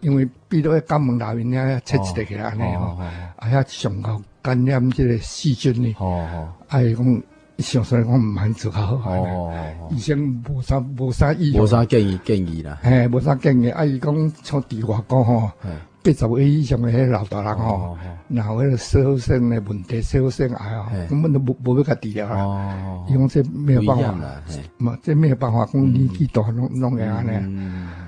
因為比如講肛門那邊啊，切切起啊，安尼哦，啊、哦，遐上高感染這個細菌呢、哦，哦、啊、言言哦，伊講，想所以講唔蠻做好，哦哦，醫生無啥無啥意，無啥建議建議啦嘿建議、啊，嘿，無啥建議，伊講，從電話講吼，八十歲以上嘅老大人哦，然後咧小生嘅問題，小生癌吼，根本都無無要家治療啦，哦哦，伊講這沒有辦法，冇，這沒有辦法講年紀大弄弄個安尼。嗯